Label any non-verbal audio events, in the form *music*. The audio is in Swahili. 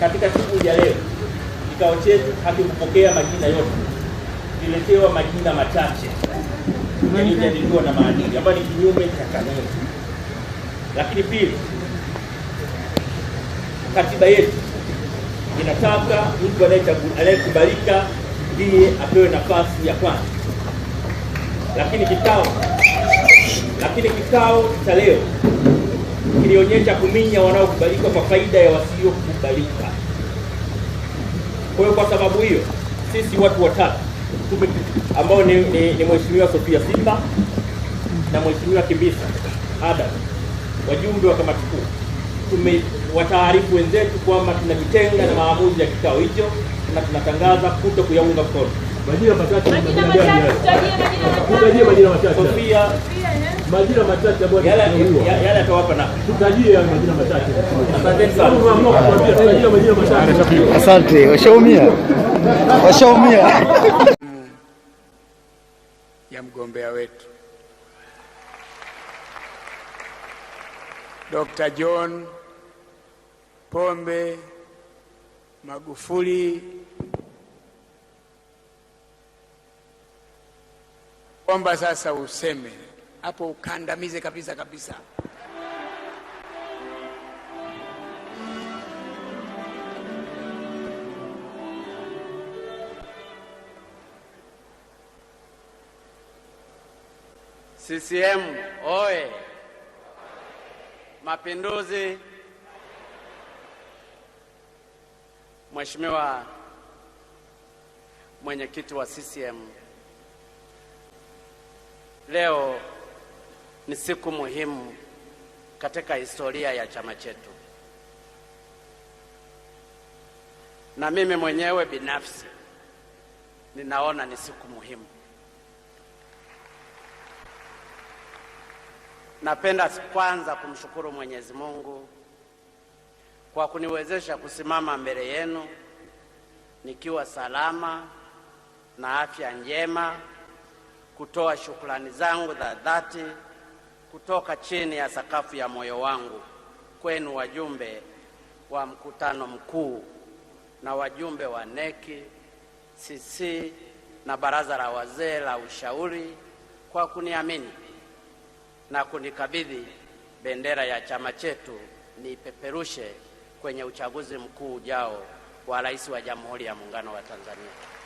Katika siku ya leo kikao chetu hakikupokea majina yote, tuliletewa majina machache yaliyojadiliwa na maadili ambayo ni kinyume cha kanuni. Lakini pili, katiba yetu inataka mtu anayekubalika ndiye apewe nafasi ya kwanza. Lakini kikao lakini kikao cha leo kilionyesha kuminya wanaokubalika kwa faida ya wasiokubalika. Kwa hiyo kwa sababu hiyo sisi watu watatu ambao ni, ni, ni Mheshimiwa Sofia Simba na Mheshimiwa Kimbisa Adam, wajumbe wa kamati kuu, tumewataarifu wenzetu kwamba tunajitenga na maamuzi ya kikao hicho na tunatangaza kuto kuyaunga mkono Majina matatu. Majina Sofia. Majina ambayo yale atawapa na. Tutajie majina Asante sana. Tutajie majina Asante. Washaumia. Washaumia. *laughs* ya mgombea wetu Dr. John Pombe Magufuli omba sasa useme hapo, ukandamize kabisa kabisa. CCM oye! Mapinduzi! Mheshimiwa mwenyekiti wa CCM Leo ni siku muhimu katika historia ya chama chetu, na mimi mwenyewe binafsi ninaona ni siku muhimu. Napenda kwanza kumshukuru Mwenyezi Mungu kwa kuniwezesha kusimama mbele yenu nikiwa salama na afya njema kutoa shukrani zangu za dhati kutoka chini ya sakafu ya moyo wangu kwenu wajumbe wa mkutano mkuu na wajumbe wa neki CC na baraza la wazee la ushauri kwa kuniamini na kunikabidhi bendera ya chama chetu niipeperushe kwenye uchaguzi mkuu ujao wa rais wa Jamhuri ya Muungano wa Tanzania.